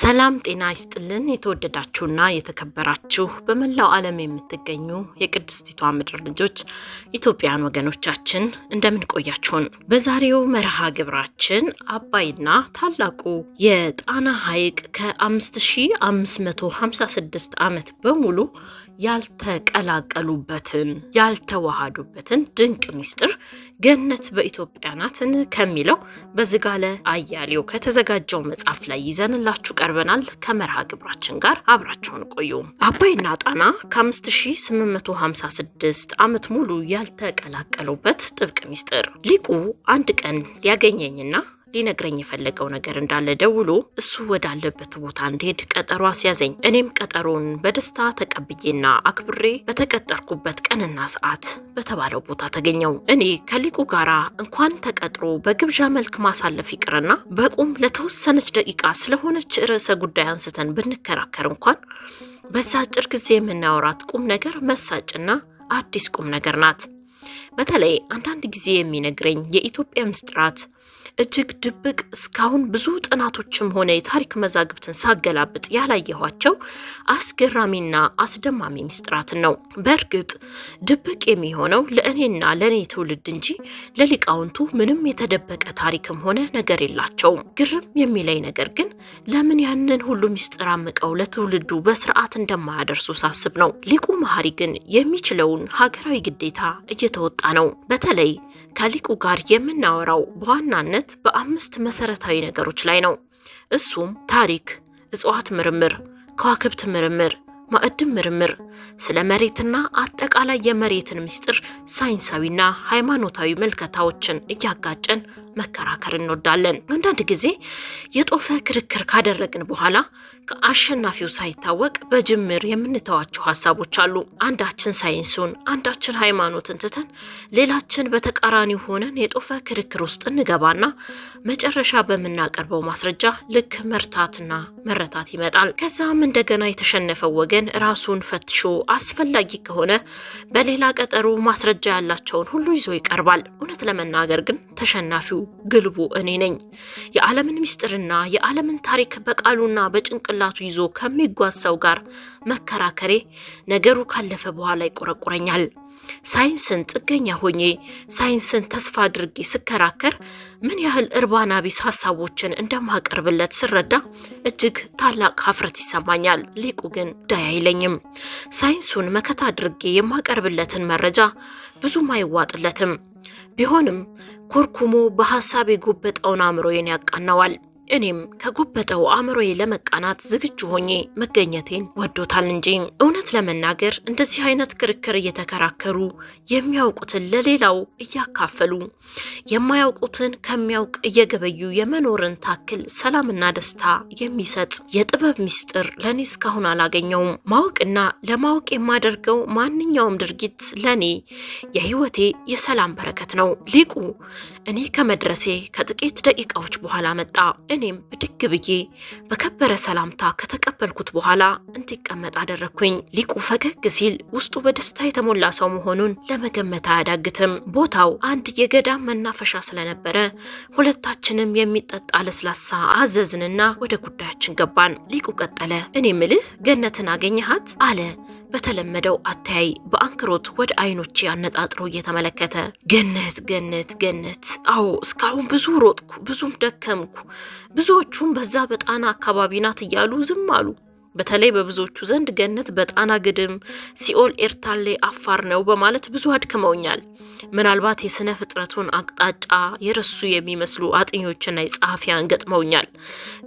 ሰላም ጤና ይስጥልን። የተወደዳችሁና የተከበራችሁ በመላው ዓለም የምትገኙ የቅድስቲቷ ምድር ልጆች ኢትዮጵያን ወገኖቻችን እንደምን ቆያችሁን? በዛሬው መርሃ ግብራችን አባይና ታላቁ የጣና ሐይቅ ከ5556 ዓመት በሙሉ ያልተቀላቀሉበትን ያልተዋሃዱበትን ድንቅ ምስጢር ገነት በኢትዮጵያ ናትን ከሚለው በዝጋለ አያሌው ከተዘጋጀው መጽሐፍ ላይ ይዘንላችሁ ቀርበናል። ከመርሃ ግብራችን ጋር አብራችሁን ቆዩ። አባይና ጣና ከ5856 ዓመት ሙሉ ያልተቀላቀሉበት ጥብቅ ሚስጥር። ሊቁ አንድ ቀን ሊያገኘኝና ሊነግረኝ የፈለገው ነገር እንዳለ ደውሎ እሱ ወዳለበት ቦታ እንድሄድ ቀጠሮ አስያዘኝ። እኔም ቀጠሮውን በደስታ ተቀብዬና አክብሬ በተቀጠርኩበት ቀንና ሰዓት በተባለው ቦታ ተገኘው። እኔ ከሊቁ ጋራ እንኳን ተቀጥሮ በግብዣ መልክ ማሳለፍ ይቅርና በቁም ለተወሰነች ደቂቃ ስለሆነች ርዕሰ ጉዳይ አንስተን ብንከራከር እንኳን በዛ አጭር ጊዜ የምናወራት ቁም ነገር መሳጭና አዲስ ቁም ነገር ናት። በተለይ አንዳንድ ጊዜ የሚነግረኝ የኢትዮጵያ ምስጢራት እጅግ ድብቅ እስካሁን ብዙ ጥናቶችም ሆነ የታሪክ መዛግብትን ሳገላብጥ ያላየኋቸው አስገራሚና አስደማሚ ምስጢራትን ነው። በእርግጥ ድብቅ የሚሆነው ለእኔና ለእኔ ትውልድ እንጂ ለሊቃውንቱ ምንም የተደበቀ ታሪክም ሆነ ነገር የላቸውም። ግርም የሚለኝ ነገር ግን ለምን ያንን ሁሉ ምስጢር አምቀው ለትውልዱ በስርዓት እንደማያደርሱ ሳስብ ነው። ሊቁ መሐሪ ግን የሚችለውን ሀገራዊ ግዴታ እየተወጣ ነው። በተለይ ከሊቁ ጋር የምናወራው በዋናነት በአምስት መሰረታዊ ነገሮች ላይ ነው። እሱም ታሪክ፣ እጽዋት ምርምር፣ ከዋክብት ምርምር፣ ማዕድን ምርምር፣ ስለ መሬትና አጠቃላይ የመሬትን ምስጢር ሳይንሳዊና ሃይማኖታዊ መልከታዎችን እያጋጨን መከራከር እንወዳለን። አንዳንድ ጊዜ የጦፈ ክርክር ካደረግን በኋላ ከአሸናፊው ሳይታወቅ በጅምር የምንተዋቸው ሀሳቦች አሉ። አንዳችን ሳይንሱን፣ አንዳችን ሃይማኖትን ትተን ሌላችን በተቃራኒ ሆነን የጦፈ ክርክር ውስጥ እንገባና መጨረሻ በምናቀርበው ማስረጃ ልክ መርታትና መረታት ይመጣል። ከዛም እንደገና የተሸነፈው ወገን ራሱን ፈትሾ አስፈላጊ ከሆነ በሌላ ቀጠሮ ማስረጃ ያላቸውን ሁሉ ይዞ ይቀርባል። እውነት ለመናገር ግን ተሸናፊው ግልቡ እኔ ነኝ። የዓለምን ምስጢርና የዓለምን ታሪክ በቃሉና በጭንቅ ጭንቅላቱ ይዞ ከሚጓዝ ሰው ጋር መከራከሬ ነገሩ ካለፈ በኋላ ይቆረቁረኛል። ሳይንስን ጥገኛ ሆኜ ሳይንስን ተስፋ አድርጌ ስከራከር ምን ያህል እርባና ቢስ ሀሳቦችን እንደማቀርብለት ስረዳ እጅግ ታላቅ ሀፍረት ይሰማኛል። ሊቁ ግን ዳይ አይለኝም። ሳይንሱን መከታ አድርጌ የማቀርብለትን መረጃ ብዙም አይዋጥለትም። ቢሆንም ኮርኩሞ በሀሳብ የጎበጠውን አእምሮዬን ያቃነዋል። እኔም ከጎበጠው አእምሮዬ ለመቃናት ዝግጁ ሆኜ መገኘቴን ወዶታል እንጂ እውነት ለመናገር እንደዚህ አይነት ክርክር እየተከራከሩ የሚያውቁትን ለሌላው እያካፈሉ የማያውቁትን ከሚያውቅ እየገበዩ የመኖርን ታክል ሰላምና ደስታ የሚሰጥ የጥበብ ምስጢር ለእኔ እስካሁን አላገኘውም። ማወቅና ለማወቅ የማደርገው ማንኛውም ድርጊት ለእኔ የህይወቴ የሰላም በረከት ነው። ሊቁ እኔ ከመድረሴ ከጥቂት ደቂቃዎች በኋላ መጣ። እኔም ብድግ ብዬ በከበረ ሰላምታ ከተቀበልኩት በኋላ እንዲቀመጥ አደረግኩኝ። ሊቁ ፈገግ ሲል ውስጡ በደስታ የተሞላ ሰው መሆኑን ለመገመት አያዳግትም። ቦታው አንድ የገዳም መናፈሻ ስለነበረ ሁለታችንም የሚጠጣ ለስላሳ አዘዝንና ወደ ጉዳያችን ገባን። ሊቁ ቀጠለ። እኔ ምልህ ገነትን አገኘሃት? አለ በተለመደው አተያይ በአንክሮት ወደ አይኖቼ አነጣጥሮ እየተመለከተ ገነት ገነት ገነት፣ አዎ እስካሁን ብዙ ሮጥኩ፣ ብዙም ደከምኩ፣ ብዙዎቹም በዛ በጣና አካባቢ ናት እያሉ ዝም አሉ። በተለይ በብዙዎቹ ዘንድ ገነት በጣና ግድም፣ ሲኦል ኤርታሌ አፋር ነው በማለት ብዙ አድክመውኛል። ምናልባት የስነ ፍጥረቱን አቅጣጫ የረሱ የሚመስሉ አጥኞችና የጸሐፊያን ገጥመውኛል።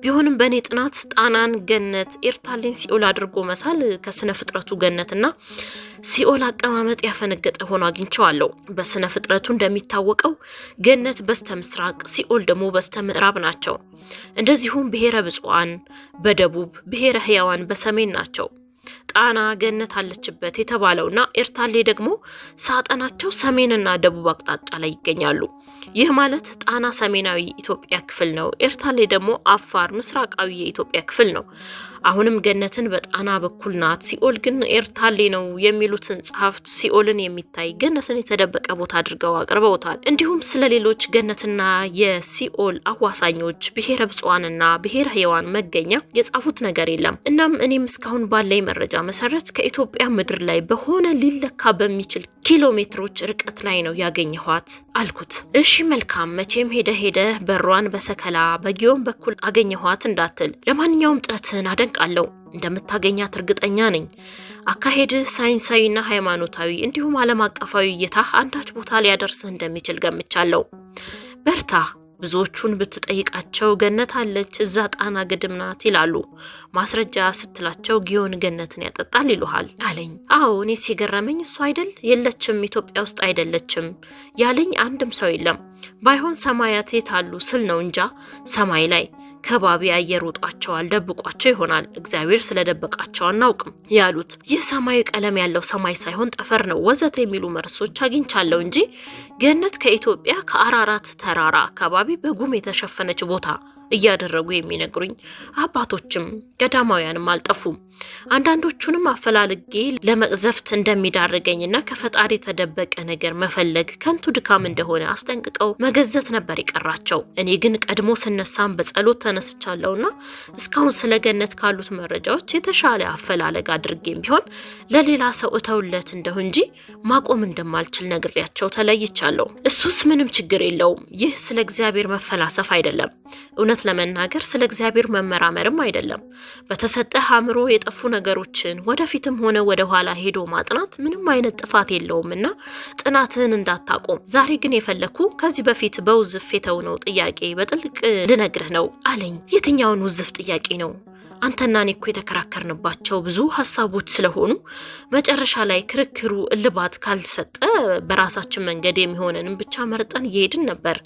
ቢሆንም በእኔ ጥናት ጣናን ገነት፣ ኤርታሌን ሲኦል አድርጎ መሳል ከስነ ፍጥረቱ ገነትና ሲኦል አቀማመጥ ያፈነገጠ ሆኖ አግኝቸዋለሁ። በስነ ፍጥረቱ እንደሚታወቀው ገነት በስተ ምስራቅ፣ ሲኦል ደግሞ በስተ ምዕራብ ናቸው። እንደዚሁም ብሔረ ብፁዓን በደቡብ ብሔረ ህያዋን በሰሜን ናቸው። ጣና ገነት አለችበት የተባለውና ኤርታሌ ደግሞ ሳጠናቸው ሰሜንና ደቡብ አቅጣጫ ላይ ይገኛሉ። ይህ ማለት ጣና ሰሜናዊ ኢትዮጵያ ክፍል ነው፣ ኤርታሌ ደግሞ አፋር ምስራቃዊ የኢትዮጵያ ክፍል ነው። አሁንም ገነትን በጣና በኩል ናት፣ ሲኦል ግን ኤርታሌ ነው የሚሉትን ጸሐፍት ሲኦልን የሚታይ ገነትን የተደበቀ ቦታ አድርገው አቅርበውታል። እንዲሁም ስለ ሌሎች ገነትና የሲኦል አዋሳኞች ብሔረ ብፁዓንና ብሔረ ሕያዋን መገኛ የጻፉት ነገር የለም። እናም እኔም እስካሁን ባለኝ መረጃ መሰረት ከኢትዮጵያ ምድር ላይ በሆነ ሊለካ በሚችል ኪሎ ሜትሮች ርቀት ላይ ነው ያገኘኋት አልኩት። እሺ መልካም፣ መቼም ሄደ ሄደ በሯን በሰከላ በጊዮን በኩል አገኘኋት እንዳትል። ለማንኛውም ጥረትን አደንቅ አውቃለሁ። እንደምታገኛት እርግጠኛ ነኝ። አካሄድህ ሳይንሳዊና ሃይማኖታዊ እንዲሁም ዓለም አቀፋዊ እይታ አንዳች ቦታ ሊያደርስህ እንደሚችል ገምቻለሁ። በርታ። ብዙዎቹን ብትጠይቃቸው ገነት አለች፣ እዛ ጣና ግድም ናት ይላሉ። ማስረጃ ስትላቸው ጊዮን ገነትን ያጠጣል ይሉሃል አለኝ። አዎ እኔ ሲገረመኝ እሱ አይደል የለችም፣ ኢትዮጵያ ውስጥ አይደለችም ያለኝ አንድም ሰው የለም። ባይሆን ሰማያት የት አሉ ስል ነው እንጃ ሰማይ ላይ ከባቢ አየር ውጧቸዋል፣ ደብቋቸው ይሆናል። እግዚአብሔር ስለደበቃቸው አናውቅም ያሉት ይህ ሰማያዊ ቀለም ያለው ሰማይ ሳይሆን ጠፈር ነው ወዘተ የሚሉ መርሶች አግኝቻለሁ እንጂ ገነት ከኢትዮጵያ ከአራራት ተራራ አካባቢ በጉም የተሸፈነች ቦታ እያደረጉ የሚነግሩኝ አባቶችም ገዳማውያንም አልጠፉም። አንዳንዶቹንም አፈላልጌ ለመቅዘፍት እንደሚዳርገኝና ከፈጣሪ የተደበቀ ነገር መፈለግ ከንቱ ድካም እንደሆነ አስጠንቅቀው መገዘት ነበር የቀራቸው። እኔ ግን ቀድሞ ስነሳም በጸሎት ተነስቻለሁና እስካሁን ስለ ገነት ካሉት መረጃዎች የተሻለ አፈላለግ አድርጌም ቢሆን ለሌላ ሰው እተውለት እንደሁ እንጂ ማቆም እንደማልችል ነግሬያቸው ተለይቻል። ሰምቻለሁ። እሱስ ምንም ችግር የለውም። ይህ ስለ እግዚአብሔር መፈላሰፍ አይደለም። እውነት ለመናገር ስለ እግዚአብሔር መመራመርም አይደለም። በተሰጠህ አእምሮ የጠፉ ነገሮችን ወደፊትም ሆነ ወደኋላ ሄዶ ማጥናት ምንም አይነት ጥፋት የለውም እና ጥናትህን እንዳታቆም። ዛሬ ግን የፈለግኩ ከዚህ በፊት በውዝፍ የተውነው ጥያቄ በጥልቅ ልነግርህ ነው አለኝ። የትኛውን ውዝፍ ጥያቄ ነው አንተና እኔ እኮ የተከራከርንባቸው ብዙ ሀሳቦች ስለሆኑ መጨረሻ ላይ ክርክሩ እልባት ካልሰጠ በራሳችን መንገድ የሚሆነንም ብቻ መርጠን እየሄድን ነበር።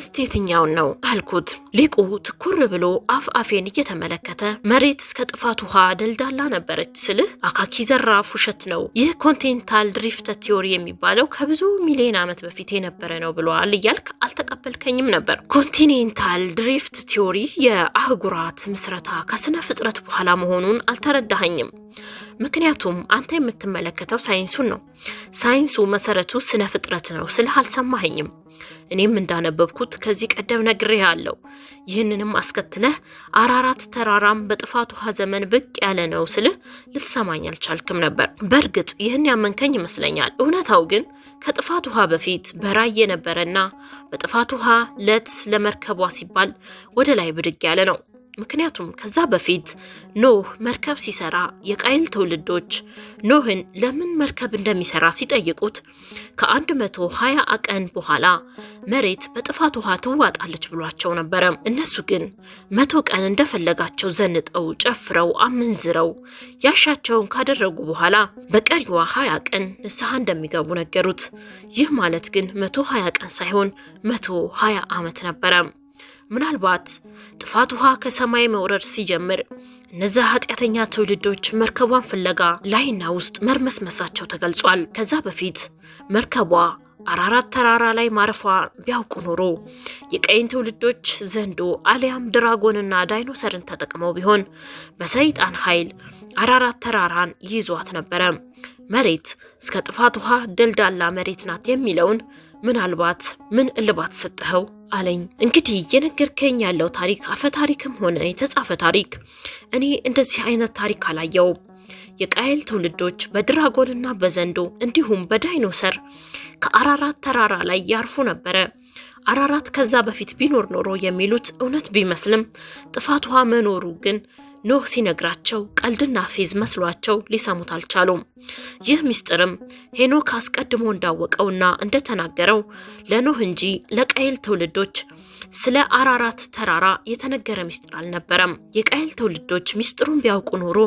እስቲ የትኛውን ነው አልኩት። ሊቁ ትኩር ብሎ አፍ አፌን እየተመለከተ መሬት እስከ ጥፋት ውሃ ደልዳላ ነበረች ስልህ አካኪ ዘራፍ ውሸት ነው። ይህ ኮንቲኔንታል ድሪፍት ቲዮሪ የሚባለው ከብዙ ሚሊዮን ዓመት በፊት የነበረ ነው ብለዋል እያልክ አልተቀበልከኝም ነበር። ኮንቲኔንታል ድሪፍት ቲዮሪ የአህጉራት ምስረታ ከስነ ጥረት በኋላ መሆኑን አልተረዳኸኝም። ምክንያቱም አንተ የምትመለከተው ሳይንሱን ነው። ሳይንሱ መሰረቱ ስነ ፍጥረት ነው ስልህ አልሰማኸኝም። እኔም እንዳነበብኩት ከዚህ ቀደም አለው። ይህንንም አስከትለህ አራራት ተራራም በጥፋት ውሃ ዘመን ብቅ ያለ ነው ስልህ ልትሰማኝ አልቻልክም ነበር። በእርግጥ ይህን ያመንከኝ ይመስለኛል። እውነታው ግን ከጥፋት ውሃ በፊት በራይ የነበረና በጥፋት ውሃ ለት ለመርከቧ ሲባል ወደ ላይ ብድግ ያለ ነው። ምክንያቱም ከዛ በፊት ኖህ መርከብ ሲሰራ የቃይል ትውልዶች ኖህን ለምን መርከብ እንደሚሰራ ሲጠይቁት ከ120 ቀን በኋላ መሬት በጥፋት ውሃ ትዋጣለች ብሏቸው ነበረ። እነሱ ግን መቶ ቀን እንደፈለጋቸው ዘንጠው ጨፍረው አመንዝረው ያሻቸውን ካደረጉ በኋላ በቀሪዋ 20 ቀን ንስሐ እንደሚገቡ ነገሩት። ይህ ማለት ግን 120 ቀን ሳይሆን 120 ዓመት ነበረ። ምናልባት ጥፋት ውሃ ከሰማይ መውረድ ሲጀምር እነዚያ ኃጢአተኛ ትውልዶች መርከቧን ፍለጋ ላይና ውስጥ መርመስመሳቸው ተገልጿል። ከዛ በፊት መርከቧ አራራት ተራራ ላይ ማረፏ ቢያውቁ ኖሮ የቀይን ትውልዶች ዘንዶ አሊያም ድራጎንና ዳይኖሰርን ተጠቅመው ቢሆን በሰይጣን ኃይል አራራት ተራራን ይይዟት ነበረ። መሬት እስከ ጥፋት ውሃ ደልዳላ መሬት ናት የሚለውን ምናልባት ምን እልባት ሰጠኸው? አለኝ። እንግዲህ እየነገርከኝ ያለው ታሪክ አፈ ታሪክም ሆነ የተጻፈ ታሪክ እኔ እንደዚህ አይነት ታሪክ አላየው የቃየል ትውልዶች በድራጎንና በዘንዶ እንዲሁም በዳይኖሰር ከአራራት ተራራ ላይ ያርፉ ነበረ። አራራት ከዛ በፊት ቢኖር ኖሮ የሚሉት እውነት ቢመስልም ጥፋት ውሃ መኖሩ ግን ኖህ ሲነግራቸው ቀልድና ፌዝ መስሏቸው ሊሰሙት አልቻሉም። ይህ ምስጢርም ሄኖክ አስቀድሞ እንዳወቀውና እንደተናገረው ለኖህ እንጂ ለቃየል ትውልዶች ስለ አራራት ተራራ የተነገረ ምስጢር አልነበረም። የቃየል ትውልዶች ምስጢሩን ቢያውቁ ኖሮ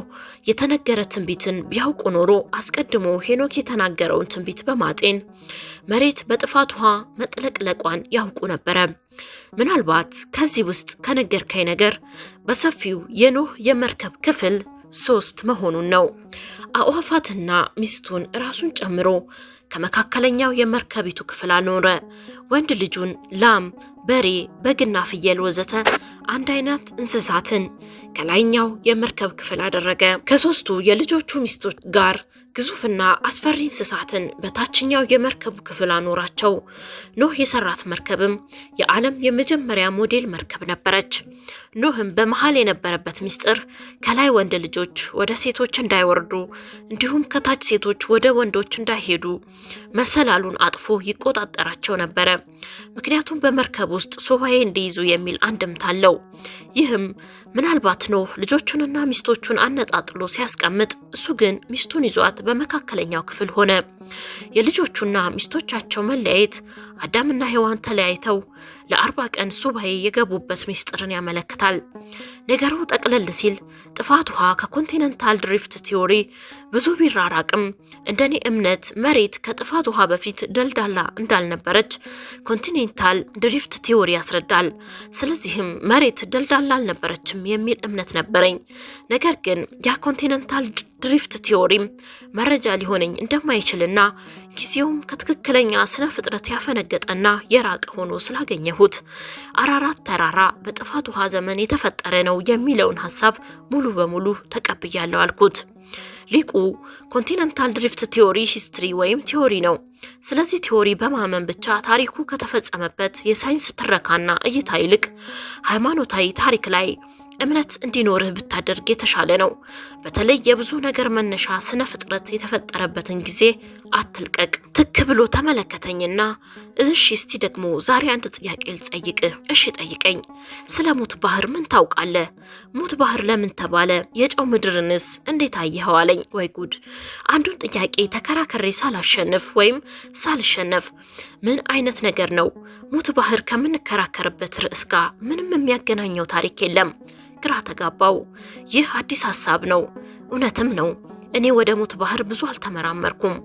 የተነገረ ትንቢትን ቢያውቁ ኖሮ አስቀድሞ ሄኖክ የተናገረውን ትንቢት በማጤን መሬት በጥፋት ውሃ መጥለቅለቋን ያውቁ ነበረ። ምናልባት ከዚህ ውስጥ ከነገርከኝ ነገር በሰፊው የኖህ የመርከብ ክፍል ሶስት መሆኑን ነው። አዕዋፋትና ሚስቱን ራሱን ጨምሮ ከመካከለኛው የመርከቢቱ ክፍል አኖረ። ወንድ ልጁን ላም፣ በሬ፣ በግና ፍየል ወዘተ አንድ አይነት እንስሳትን ከላይኛው የመርከብ ክፍል አደረገ። ከሶስቱ የልጆቹ ሚስቶች ጋር ግዙፍና አስፈሪ እንስሳትን በታችኛው የመርከቡ ክፍል አኖራቸው። ኖህ የሰራት መርከብም የዓለም የመጀመሪያ ሞዴል መርከብ ነበረች። ኖህም በመሃል የነበረበት ምስጢር ከላይ ወንድ ልጆች ወደ ሴቶች እንዳይወርዱ እንዲሁም ከታች ሴቶች ወደ ወንዶች እንዳይሄዱ መሰላሉን አጥፎ ይቆጣጠራቸው ነበረ። ምክንያቱም በመርከብ ውስጥ ሶፋዬ እንዲይዙ የሚል አንድምታ አለው። ይህም ምናልባት ነው ልጆቹንና ሚስቶቹን አነጣጥሎ ሲያስቀምጥ፣ እሱ ግን ሚስቱን ይዟት በመካከለኛው ክፍል ሆነ። የልጆቹና ሚስቶቻቸው መለያየት አዳምና ሔዋን ተለያይተው ለአርባ ቀን ሱባኤ የገቡበት ምስጢርን ያመለክታል። ነገሩ ጠቅለል ሲል ጥፋት ውሃ ከኮንቲኔንታል ድሪፍት ቲዮሪ ብዙ ቢራራቅም እንደኔ እምነት መሬት ከጥፋት ውሃ በፊት ደልዳላ እንዳልነበረች ኮንቲኔንታል ድሪፍት ቲዮሪ ያስረዳል። ስለዚህም መሬት ደልዳላ አልነበረችም የሚል እምነት ነበረኝ። ነገር ግን ያ ኮንቲኔንታል ድሪፍት ቲዮሪም መረጃ ሊሆነኝ እንደማይችልና ጊዜውም ከትክክለኛ ስነ ፍጥረት ያፈነገጠና የራቀ ሆኖ ስላገኘሁት አራራት ተራራ በጥፋት ውሃ ዘመን የተፈጠረ ነው ነው የሚለውን ሀሳብ ሙሉ በሙሉ ተቀብያለሁ አልኩት። ሊቁ ኮንቲነንታል ድሪፍት ቲዮሪ ሂስትሪ ወይም ቲዮሪ ነው። ስለዚህ ቲዮሪ በማመን ብቻ ታሪኩ ከተፈጸመበት የሳይንስ ትረካና እይታ ይልቅ ሃይማኖታዊ ታሪክ ላይ እምነት እንዲኖርህ ብታደርግ የተሻለ ነው። በተለይ የብዙ ነገር መነሻ ስነ ፍጥረት የተፈጠረበትን ጊዜ አትልቀቅ። ትክ ብሎ ተመለከተኝና እሺ፣ እስቲ ደግሞ ዛሬ አንድ ጥያቄ ልጠይቅህ። እሺ፣ ጠይቀኝ። ስለ ሙት ባህር ምን ታውቃለህ? ሙት ባህር ለምን ተባለ? የጨው ምድርንስ እንዴት አየኸው? አለኝ። ወይ ጉድ! አንዱን ጥያቄ ተከራከሬ ሳላሸንፍ ወይም ሳልሸነፍ ምን አይነት ነገር ነው? ሙት ባህር ከምንከራከርበት ርዕስ ጋር ምንም የሚያገናኘው ታሪክ የለም። ግራ ተጋባው። ይህ አዲስ ሀሳብ ነው፣ እውነትም ነው። እኔ ወደ ሞት ባህር ብዙ አልተመራመርኩም።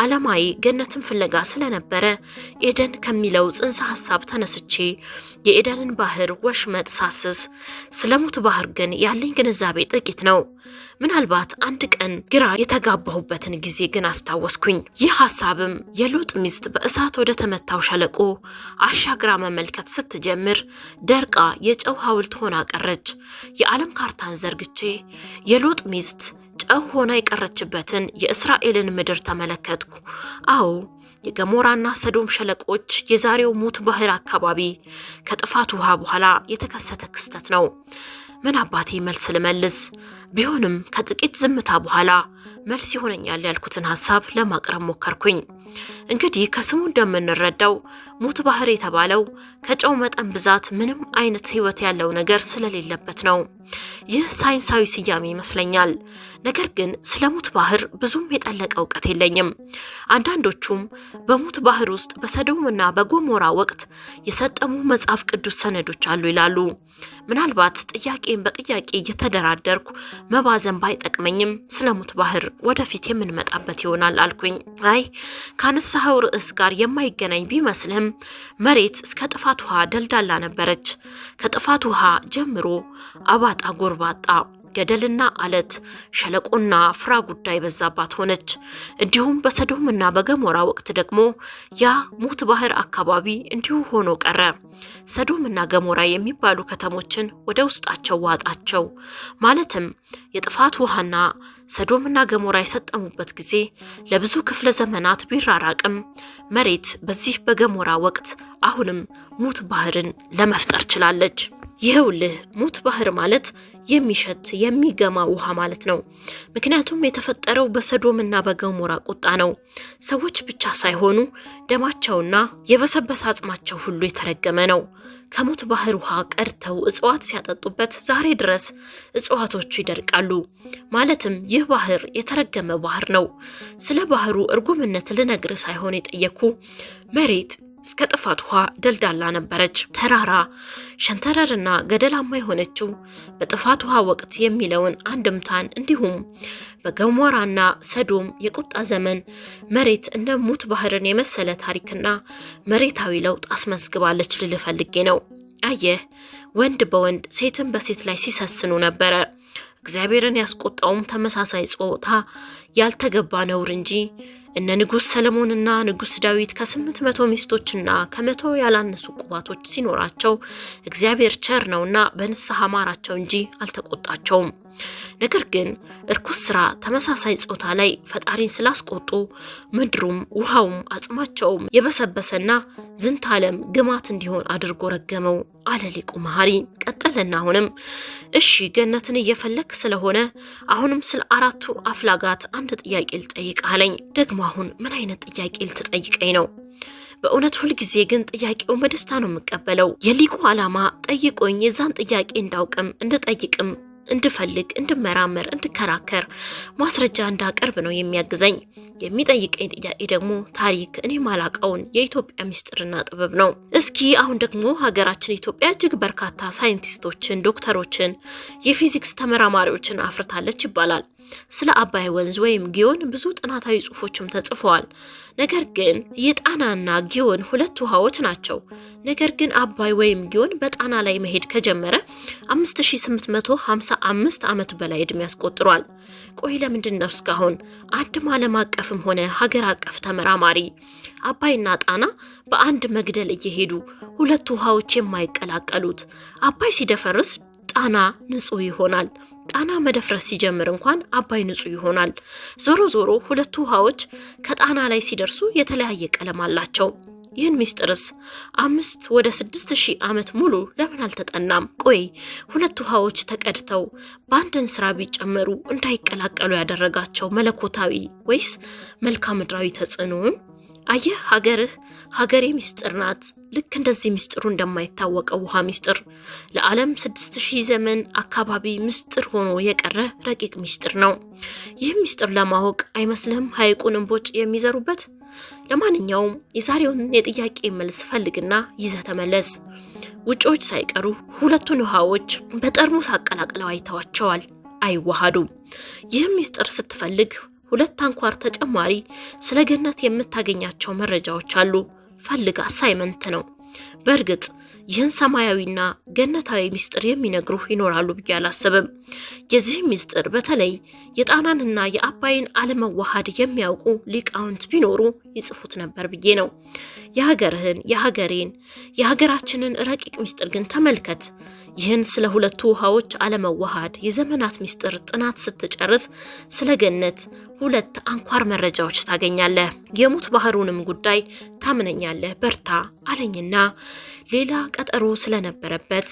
አለማዊ ገነትን ፍለጋ ስለነበረ ኤደን ከሚለው ጽንሰ ሀሳብ ተነስቼ የኤደንን ባህር ወሽመጥ ሳስስ፣ ስለ ሞት ባህር ግን ያለኝ ግንዛቤ ጥቂት ነው። ምናልባት አንድ ቀን ግራ የተጋባሁበትን ጊዜ ግን አስታወስኩኝ። ይህ ሀሳብም የሎጥ ሚስት በእሳት ወደ ተመታው ሸለቆ አሻግራ መመልከት ስትጀምር ደርቃ የጨው ሐውልት ሆና ቀረች። የዓለም ካርታን ዘርግቼ የሎጥ ሚስት ጨው ሆና የቀረችበትን የእስራኤልን ምድር ተመለከትኩ። አዎ የገሞራና ሰዶም ሸለቆች የዛሬው ሙት ባህር አካባቢ ከጥፋት ውሃ በኋላ የተከሰተ ክስተት ነው። ምን አባቴ መልስ ልመልስ? ቢሆንም ከጥቂት ዝምታ በኋላ መልስ ይሆነኛል ያልኩትን ሀሳብ ለማቅረብ ሞከርኩኝ። እንግዲህ ከስሙ እንደምንረዳው ሙት ባህር የተባለው ከጨው መጠን ብዛት ምንም አይነት ህይወት ያለው ነገር ስለሌለበት ነው። ይህ ሳይንሳዊ ስያሜ ይመስለኛል። ነገር ግን ስለ ሙት ባህር ብዙም የጠለቀ እውቀት የለኝም። አንዳንዶቹም በሙት ባህር ውስጥ በሰዶምና በጎሞራ ወቅት የሰጠሙ መጽሐፍ ቅዱስ ሰነዶች አሉ ይላሉ። ምናልባት ጥያቄን በጥያቄ እየተደራደርኩ መባዘን ባይጠቅመኝም ስለ ሙት ባህር ወደፊት የምንመጣበት ይሆናል አልኩኝ። አይ ካነሳኸው ርዕስ ጋር የማይገናኝ ቢመስልም መሬት እስከ ጥፋት ውሃ ደልዳላ ነበረች። ከጥፋት ውሃ ጀምሮ አባጣ ጎርባጣ ገደልና አለት፣ ሸለቆና ፍራ ጉዳይ በዛባት ሆነች። እንዲሁም በሰዶምና በገሞራ ወቅት ደግሞ ያ ሙት ባህር አካባቢ እንዲሁ ሆኖ ቀረ። ሰዶምና ገሞራ የሚባሉ ከተሞችን ወደ ውስጣቸው ዋጣቸው። ማለትም የጥፋት ውሃና ሰዶምና ገሞራ የሰጠሙበት ጊዜ ለብዙ ክፍለ ዘመናት ቢራራቅም መሬት በዚህ በገሞራ ወቅት አሁንም ሙት ባህርን ለመፍጠር ችላለች። ይኸውልህ ሙት ባህር ማለት የሚሸት የሚገማ ውሃ ማለት ነው። ምክንያቱም የተፈጠረው በሰዶምና በገሞራ ቁጣ ነው። ሰዎች ብቻ ሳይሆኑ ደማቸውና የበሰበሰ አጽማቸው ሁሉ የተረገመ ነው። ከሙት ባህር ውሃ ቀድተው እጽዋት ሲያጠጡበት ዛሬ ድረስ እጽዋቶቹ ይደርቃሉ። ማለትም ይህ ባህር የተረገመ ባህር ነው። ስለ ባህሩ እርጉምነት ልነግር ሳይሆን የጠየቅኩ መሬት እስከ ጥፋት ውሃ ደልዳላ ነበረች። ተራራ ሸንተረርና ገደላማ የሆነችው በጥፋት ውሃ ወቅት የሚለውን አንድምታን እንዲሁም በገሞራና ሰዶም የቁጣ ዘመን መሬት እንደ ሙት ባህርን የመሰለ ታሪክና መሬታዊ ለውጥ አስመዝግባለች ልል ፈልጌ ነው። አየህ ወንድ በወንድ ሴትን በሴት ላይ ሲሰስኑ ነበረ። እግዚአብሔርን ያስቆጣውም ተመሳሳይ ጾታ ያልተገባ ነውር እንጂ እነ ንጉሥ ሰለሞንና ንጉሥ ዳዊት ከስምንት መቶ ሚስቶችና ከመቶ ያላነሱ ቁባቶች ሲኖራቸው እግዚአብሔር ቸር ነውና በንስሐ ማራቸው እንጂ አልተቆጣቸውም። ነገር ግን እርኩስ ስራ ተመሳሳይ ጾታ ላይ ፈጣሪን ስላስቆጡ ምድሩም ውሃውም አጽማቸውም የበሰበሰና ዓለም ግማት እንዲሆን አድርጎ ረገመው አለ ሊቁ መሐሪ። ቀጠለና አሁንም እሺ ገነትን እየፈለግ ስለሆነ አሁንም ስለ አራቱ አፍላጋት አንድ ጥያቄ ልጠይቅ አለኝ። ደግሞ አሁን ምን አይነት ጥያቄ ልትጠይቀኝ ነው? በእውነት ሁልጊዜ ግን ጥያቄውን በደስታ ነው የምቀበለው። የሊቁ ዓላማ ጠይቆኝ የዛን ጥያቄ እንዳውቅም እንድጠይቅም እንድፈልግ፣ እንድመራመር፣ እንድከራከር ማስረጃ እንዳቀርብ ነው የሚያግዘኝ። የሚጠይቀኝ ጥያቄ ደግሞ ታሪክ፣ እኔ ማላቀውን የኢትዮጵያ ምስጢርና ጥበብ ነው። እስኪ አሁን ደግሞ ሀገራችን ኢትዮጵያ እጅግ በርካታ ሳይንቲስቶችን፣ ዶክተሮችን፣ የፊዚክስ ተመራማሪዎችን አፍርታለች ይባላል። ስለ አባይ ወንዝ ወይም ጊዮን ብዙ ጥናታዊ ጽሑፎችም ተጽፈዋል። ነገር ግን የጣናና ጊዮን ሁለት ውሃዎች ናቸው። ነገር ግን አባይ ወይም ጊዮን በጣና ላይ መሄድ ከጀመረ 5855 ዓመት በላይ እድሜ ያስቆጥሯል። ቆይ ለምንድን ነው እስካሁን አንድም ዓለም አቀፍም ሆነ ሀገር አቀፍ ተመራማሪ አባይና ጣና በአንድ መግደል እየሄዱ ሁለት ውሃዎች የማይቀላቀሉት? አባይ ሲደፈርስ ጣና ንጹህ ይሆናል። ጣና መደፍረስ ሲጀምር እንኳን አባይ ንጹህ ይሆናል። ዞሮ ዞሮ ሁለቱ ውሃዎች ከጣና ላይ ሲደርሱ የተለያየ ቀለም አላቸው። ይህን ሚስጥርስ አምስት ወደ ስድስት ሺህ ዓመት ሙሉ ለምን አልተጠናም? ቆይ ሁለት ውሃዎች ተቀድተው በአንድ እንስራ ቢጨመሩ እንዳይቀላቀሉ ያደረጋቸው መለኮታዊ ወይስ መልካምድራዊ ምድራዊ አየህ ሀገርህ ሀገሬ ሚስጥር ናት። ልክ እንደዚህ ምስጢሩ እንደማይታወቀው ውሃ ምስጢር ለዓለም ስድስት ሺህ ዘመን አካባቢ ምስጢር ሆኖ የቀረ ረቂቅ ምስጢር ነው። ይህ ምስጢር ለማወቅ አይመስልህም ሐይቁን እንቦጭ የሚዘሩበት? ለማንኛውም የዛሬውን የጥያቄ መልስ ፈልግና ይዘህ ተመለስ። ውጪዎች ሳይቀሩ ሁለቱን ውሃዎች በጠርሙስ አቀላቅለው አይተዋቸዋል። አይዋሃዱም። ይህም ምስጢር ስትፈልግ ሁለት አንኳር ተጨማሪ ስለ ገነት የምታገኛቸው መረጃዎች አሉ። ፈልጋ ሳይመንት ነው። በእርግጥ ይህን ሰማያዊና ገነታዊ ምስጢር የሚነግሩህ ይኖራሉ ብዬ አላስብም የዚህ ምስጢር በተለይ የጣናንና የአባይን አለመዋሃድ የሚያውቁ ሊቃውንት ቢኖሩ ይጽፉት ነበር ብዬ ነው። የሀገርህን፣ የሀገሬን፣ የሀገራችንን ረቂቅ ምስጢር ግን ተመልከት ይህን ስለ ሁለቱ ውሃዎች አለመዋሃድ የዘመናት ምስጢር ጥናት ስትጨርስ ስለ ገነት ሁለት አንኳር መረጃዎች ታገኛለህ። የሙት ባህሩንም ጉዳይ ታምነኛለህ በርታ አለኝና ሌላ ቀጠሮ ስለነበረበት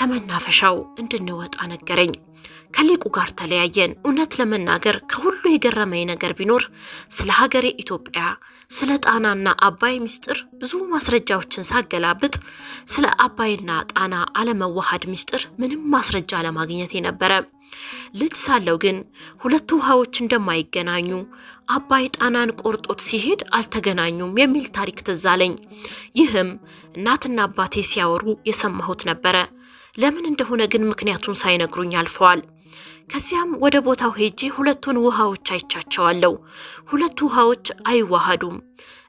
ከመናፈሻው እንድንወጣ ነገረኝ። ከሊቁ ጋር ተለያየን። እውነት ለመናገር ከሁሉ የገረመኝ ነገር ቢኖር ስለ ሀገሬ ኢትዮጵያ ስለ ጣናና አባይ ሚስጥር ብዙ ማስረጃዎችን ሳገላብጥ ስለ አባይና ጣና አለመዋሃድ ሚስጥር ምንም ማስረጃ ለማግኘት ነበረ። ልጅ ሳለው ግን ሁለቱ ውሃዎች እንደማይገናኙ አባይ ጣናን ቆርጦት ሲሄድ አልተገናኙም የሚል ታሪክ ትዝ አለኝ። ይህም እናትና አባቴ ሲያወሩ የሰማሁት ነበረ። ለምን እንደሆነ ግን ምክንያቱን ሳይነግሩኝ አልፈዋል። ከዚያም ወደ ቦታው ሄጄ ሁለቱን ውሃዎች አይቻቸዋለሁ። ሁለቱ ውሃዎች አይዋሃዱም።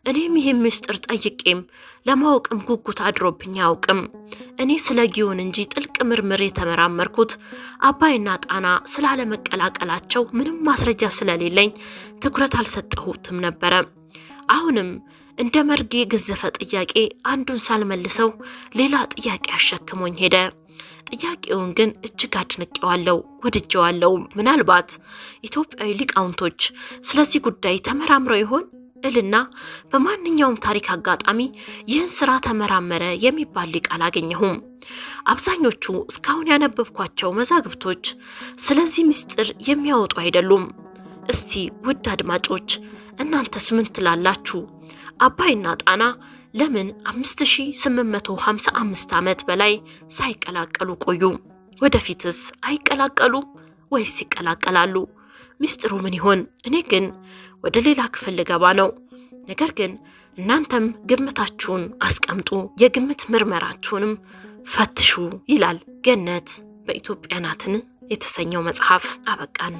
እኔም ይህ ምስጢር ጠይቄም ለማወቅም ጉጉት አድሮብኝ አያውቅም። እኔ ስለ ጊዮን እንጂ ጥልቅ ምርምር የተመራመርኩት አባይና ጣና ስላለመቀላቀላቸው ምንም ማስረጃ ስለሌለኝ ትኩረት አልሰጠሁትም ነበረ። አሁንም እንደ መርጌ ገዘፈ ጥያቄ አንዱን ሳልመልሰው ሌላ ጥያቄ አሸክሞኝ ሄደ። ጥያቄውን ግን እጅግ አድንቄዋለሁ፣ ወድጀዋለሁ። ምናልባት ኢትዮጵያዊ ሊቃውንቶች ስለዚህ ጉዳይ ተመራምረው ይሆን እልና በማንኛውም ታሪክ አጋጣሚ ይህን ስራ ተመራመረ የሚባል ሊቅ አላገኘሁም። አብዛኞቹ እስካሁን ያነበብኳቸው መዛግብቶች ስለዚህ ምስጢር የሚያወጡ አይደሉም። እስቲ ውድ አድማጮች እናንተስ ምን ትላላችሁ? አባይና ጣና ለምን 5855 ዓመት በላይ ሳይቀላቀሉ ቆዩ? ወደፊትስ አይቀላቀሉ ወይስ ይቀላቀላሉ? ሚስጥሩ ምን ይሆን? እኔ ግን ወደ ሌላ ክፍል ልገባ ነው። ነገር ግን እናንተም ግምታችሁን አስቀምጡ፣ የግምት ምርመራችሁንም ፈትሹ ይላል ገነት በኢትዮጵያ ናትን የተሰኘው መጽሐፍ። አበቃን።